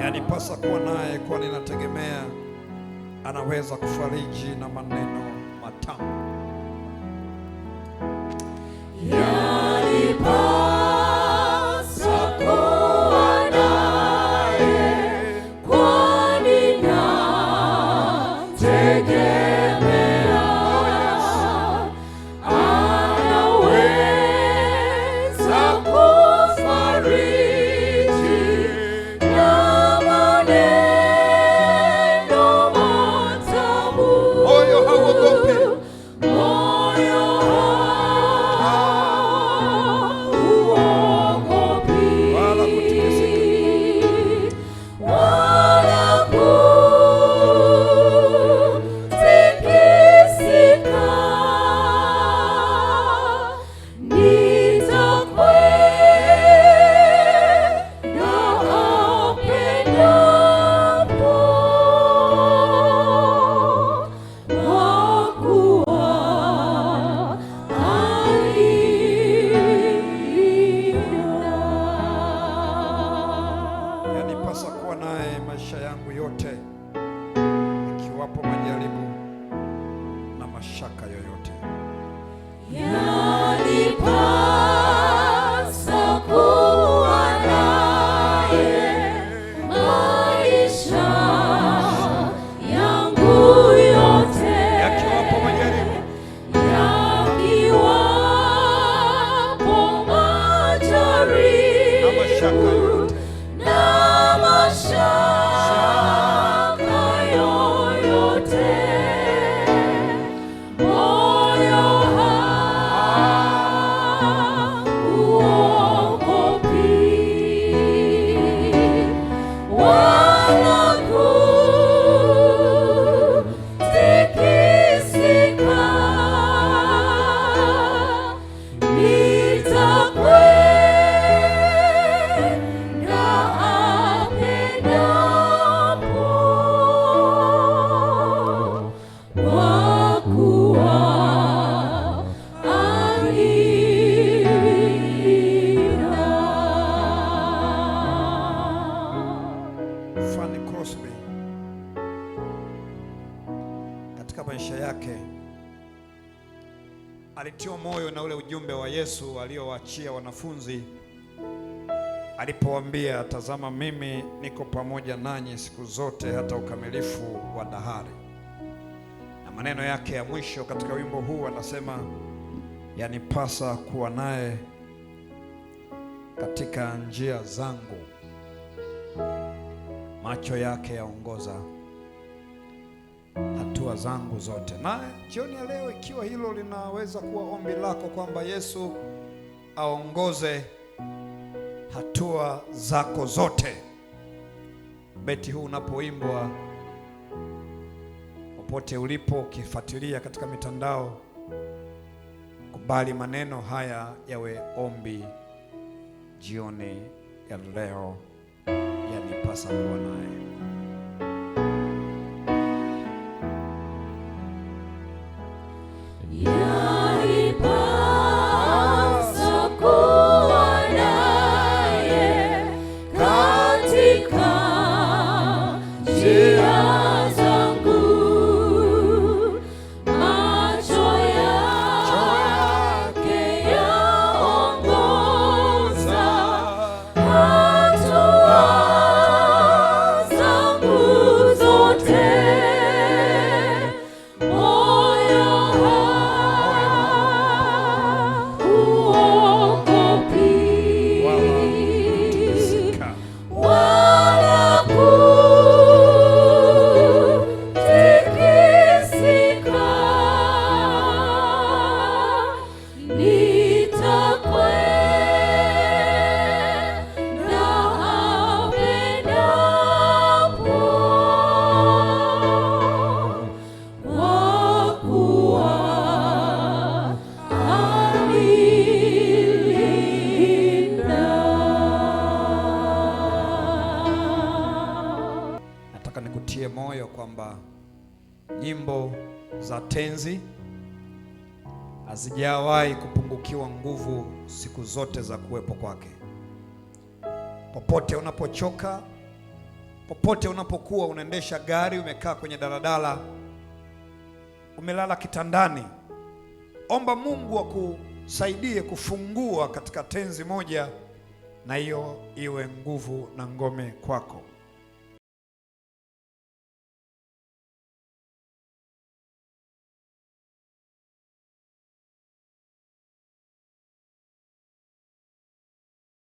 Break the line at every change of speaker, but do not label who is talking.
Yanipasa kuwa naye, kwani nategemea anaweza kufariji na maneno matamu. Yeah. yake alitiwa moyo na ule ujumbe wa Yesu aliowaachia wanafunzi alipowaambia, tazama mimi niko pamoja nanyi siku zote hata ukamilifu wa dahari. Na maneno yake ya mwisho katika wimbo huu anasema, yanipasa kuwa naye katika njia zangu, macho yake yaongoza hatua zangu zote. Na jioni ya leo, ikiwa hilo linaweza kuwa ombi lako kwamba Yesu aongoze hatua zako zote, beti huu unapoimbwa popote ulipo, ukifuatilia katika mitandao, kubali maneno haya yawe ombi jioni ya leo yanipasa kuwa naye kwamba nyimbo za tenzi hazijawahi kupungukiwa nguvu siku zote za kuwepo kwake. Popote unapochoka, popote unapokuwa unaendesha gari, umekaa kwenye daladala, umelala kitandani, omba Mungu akusaidie kufungua katika tenzi moja, na hiyo iwe nguvu na ngome kwako.